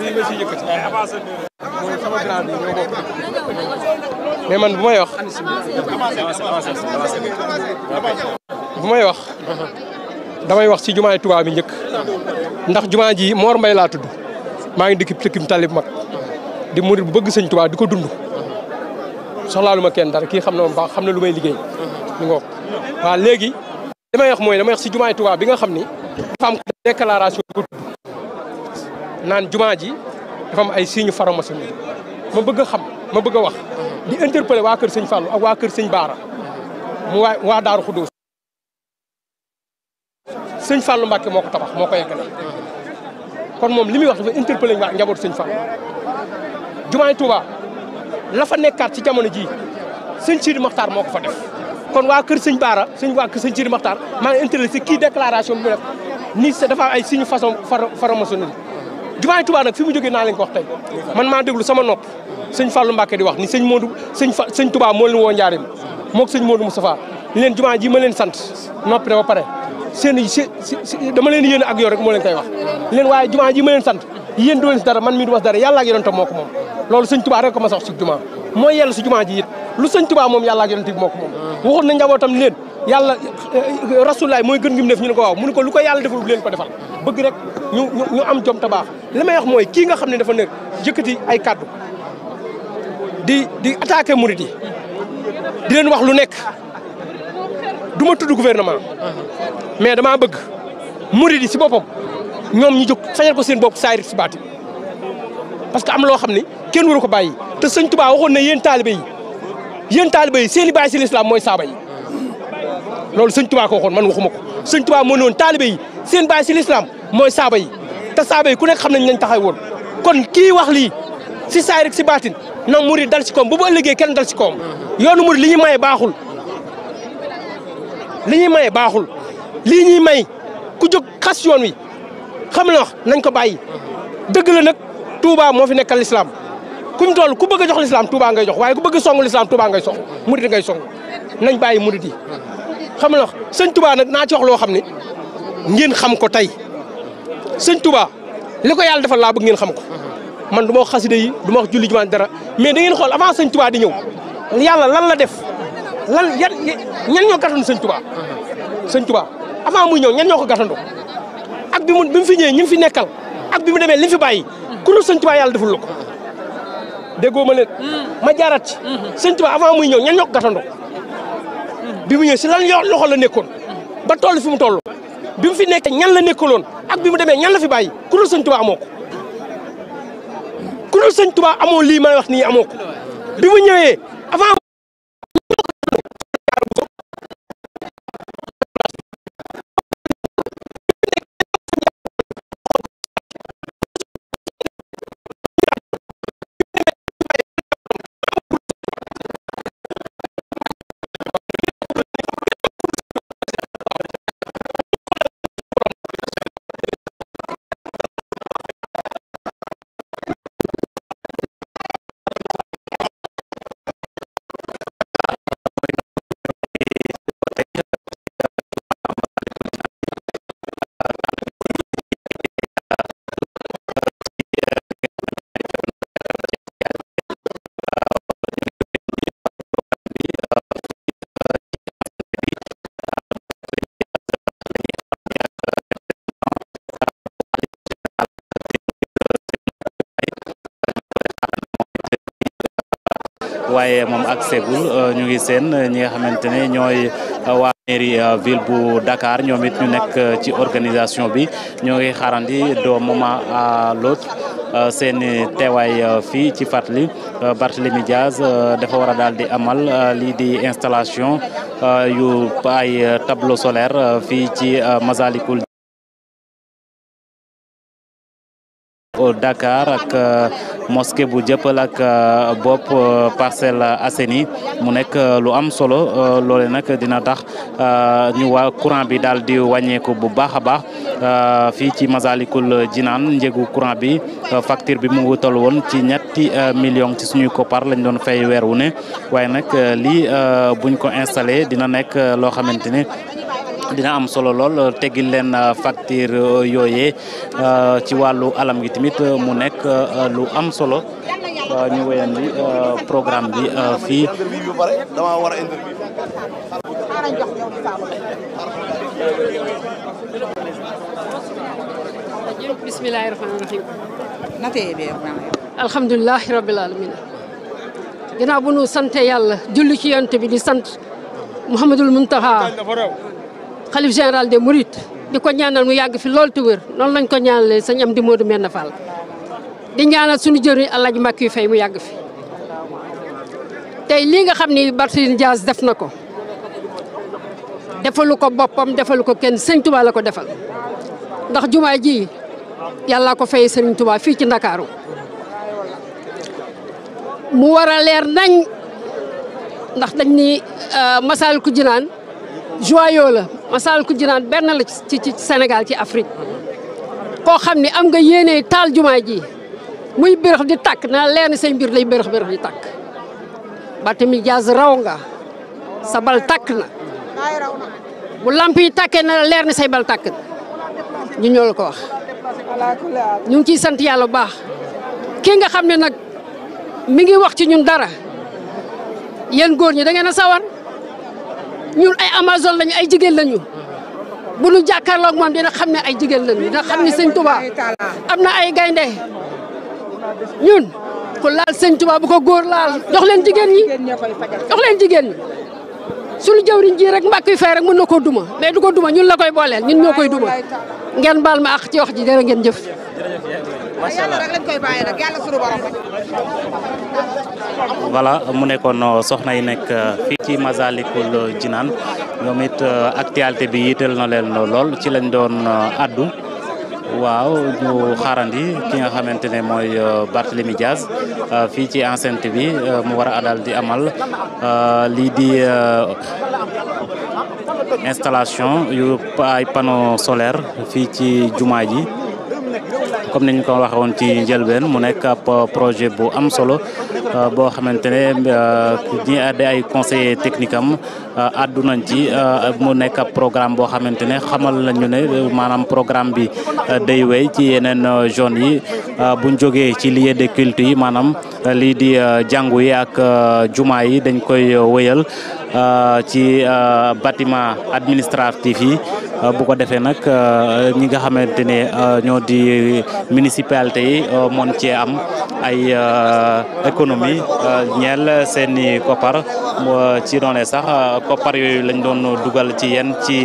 lii man bu may wax. bu may wax. damay wax si jumaay tubaab bi njëkk. ndax jumaa ji Mor Mbaye laa tudd. maa ngi dëkk dëkk tali bu mag. di murit bu bëgg sëñ Tuubaa di ko dund. soxlaalu ma kenn dara ki xam na moom xam na lu may liggéey. ñu ngoog waaw léegi. li wax mooy damay wax si jumaay Tuubaa bi nga xam ni. dafa am déclaration bu tudd. naan jumaa ji dafa am ay signes franc-maçonnique ma bëgg xam ma bëgg a wax di interpeller waa kër sëñ Fallou ak waa kër sëñ Baara mu waa waa Daaru Xuddoos sëñ Fallou Mbacke moo ko tabax moo ko yeggale kon moom li muy wax dafa interpeller waa njabootu sëñ Fallou jumaay Touba la fa ci jamono jii sëñ Sidi Maxtaar moo ko fa def kon waa kër sëñ Baara sëñ waa kër sëñ Sidi Maxtaar maa ngi si kii déclaration bi mu def ni dafa ay signes façon franc-maçonnique jumaay Tuubaa nag fi mu jógee naa leen ko wax tey man maa déglu sama nopp sëñ Fallou Mbacke di wax ni sëñ Modou sëñ fa sëñ Tuubaa moo leen woo njaarim moog leen jumaa ji ma leen sant noppi ba pare seen dama leen yéen ak yow rek moo leen koy wax leen waaye jumaa ji ma leen sant yéen doo leen si dara man mii du was dara yàlla ak yonente moo moom loolu sëñ Tuubaa rek ma sax si jumaa mooy yàlla si jumaa ji it lu sëñ Tuubaa moom yàlla ak yonente bi moo yàlla euh, rasulaay mooy gën gi mu def ñu ne ko waaw munu ko lu ko yàlla defal leen ko defal bëgg rek ñu ñu am jom tabaax li may wax mooy kii nga xam ne dafa nekk jëkkati ay kàddu di di attaqué murid yi di leen wax lu nekk du ma tudd gouvernement mais damaa bëgg murid yi si boppam ñoom ñu jóg sañal ko seen bopp saayir si baati parce que am loo xam ne kenn waru ko bàyyi te sëñ Tuubaa waxoon ne yéen taalibe yi yéen taalibe yi seen i bàyyi si lislaam mooy saaba yi loolu sëñ Tuubaa ko waxoon waxuma ko sëñ Tuubaa moo ne woon taalibe yi seen baay si lislaam mooy saaba yi te saaba yi ku nekk xam nañ lañ taxaw woon kon kii wax li si saay rek si baatin na murid dal si koom bu ba ke kenn dal si koom yoonu murid li ñuy maye baaxul li ñuy maye baaxul lii ñuy may ku jóg xas yoon wi xam na wax nañ ko bàyyi dëgg la nag Touba moo fi nekkal lislaam ku mu toll ku bëgg a jox lislaam Touba ngay jox waaye ku bëgg a song lislaam Touba ngay song murid ngay song nañ bàyyi murid yi xam nga sëñ Touba nag naa wax loo xam ne ngeen xam ko tey sëñ Touba li ko yàlla defal laa bëgg ngeen xam ko man du ma wax xasida yi du ma julli jumaan dara mais da ngeen xool avant sëñ Touba di ñëw yàlla lan la def lan yan ñan ñoo gàttandu sëñ Touba. sëñ Touba muy ñëw ñan ñoo ko gàttandu ak bi mu bi mu ñi fi nekkal ak bi mu demee li fi bàyyi ku dul sëñ yàlla deful la ko déggoo ma leen hmm. ma jaarat ci. Hmm. sëñ muy ñëw ñan ñoo ko gàttandu bi mu ñëw si lan yoo loxo la nekkoon ba toll fi mu toll bi mu fi nekk ñan la nekkaloon ak bi mu demee ñan la fi bàyyi ku dul sëñ Tuubaa amoo amoon lii may wax nii amoo ko bi mu ñëwee waaye moom ak segul euh, ñu ngi seen euh, ñi nga xamante ne ñooy euh, waa mairie ville bu Dakar ñoom it ñu nekk ci organisation bi ñoo ngi xaarandi do moment à l'autre seen teewaay fii ci fàttali Barthélémy Diaz dafa war a daal di amal lii di installation yu ay tableau solaire fii ci Masalikul au Dakar ak euh, mosquée bu jëppal ak euh, bopp euh, Parcelles Assainies mu nekk lu am solo loole nag dina tax ñu waa courant bi daal di wàññeeku bu baax a baax fii ci Masalikul Jinaan njëgu courant bi facture bi mu wutal woon ci ñetti million ci suñuy koppar lañ doon fay weer wu ne waaye nag lii buñ ko installé dina nekk loo xamante ne dina am solo lool teggil leen euh, facture euh, yooyee euh, ci wàllu alam gi tamit mu nekk lu am solo ñu wéyandi programme bi fii. bismillaahi rahmaani rahiim. alhamdulilah rabbil aalamiin. ginnaaw bu nu sant yàlla julli ci yonent bi di sant Muhammadul Muntaha xalif général de Mourides di ko ñaanal mu yàgg fi loolu ti wér loolu lañ ko ñaanalee sëñ am di Modou Mbène Fall di ñaanal suñu jëriñ Alaaji Màkk yu fay mu yàgg fi tey lii nga xam ni Barthélémy jaas def na ko defalu ko boppam defal ko kenn sëñ Touba la ko defal ndax jumaa ji yàlla ko fay sëriñ Touba fii ci Ndakaaru mu war a leer nañ ndax dañ ni euh, masal ku jinaan joyau la Masaalikul Jinaan benn la ci ci Sénégal ci Afrique koo xam ni am nga yéene taal jumaa ji muy bërëx di tàkk na leen say mbir lay bërëx bërëx di tàkk Barthélémy Dias raw nga sa bal tàkk na bu lamp yi tàkkee na leer ni say bal tàkk ñu ñoo ko wax ñu ngi ciy sant yàlla bu baax kii nga xam ne nag mi ngi wax ci ñun dara yéen góor ñi da na a sawar ñun ay amazone lañu ay jigéen lañu bu nu jàkkaarloog moom dina xam ne ay jigéen lañu dina xam ne sëñ Touba am na ay gaynde ñun ku laal sëñ Touba bu ko góor laal jox leen jigéen ñi jox leen jigéen ñi suñu jëwriñ ji rek mbàkk yu fay rek mën na ko duma mais du ko duma ñun la koy booleel ñun ñoo koy duma ngeen baal ma ak ci wax ji jërë ngeen jëf. macha mu nekkoon euh, soxna yi nekk euh, fii ci Masalikul Jinaan ñoom it euh, actualité bi yitteel leen lool ci lañ doon addu waaw ñu xaarandi ki nga xamante ne mooy Barthélemy Diaz fii ci enceinte bi mu war a daal di amal lii di. installation yu ay panneau solaire fii ci jumaa ji comme nañ ñu ko waxee woon ci njëlbeen mu nekk projet bu am solo euh, boo xamante ne ñi euh, àdde ay conseiller technique am euh, àddu nañ ci mu nekk ab programme boo xamante ne xamal nañu ne maanaam programme bi day wey ci yeneen zone yi buñ jógee ci lieu de culte yi maanaam lii di jàngu yi ak jumaa yi dañ koy wëyal Euh, ci euh, bâtiment administratif yi euh, bu ko defee nag ñi nga xamante ne ñoo di municipalité yi mën cee am ay économie ñeel seeni koppar ci doone sax koppar yooyu lañ doon dugal ci yenn ci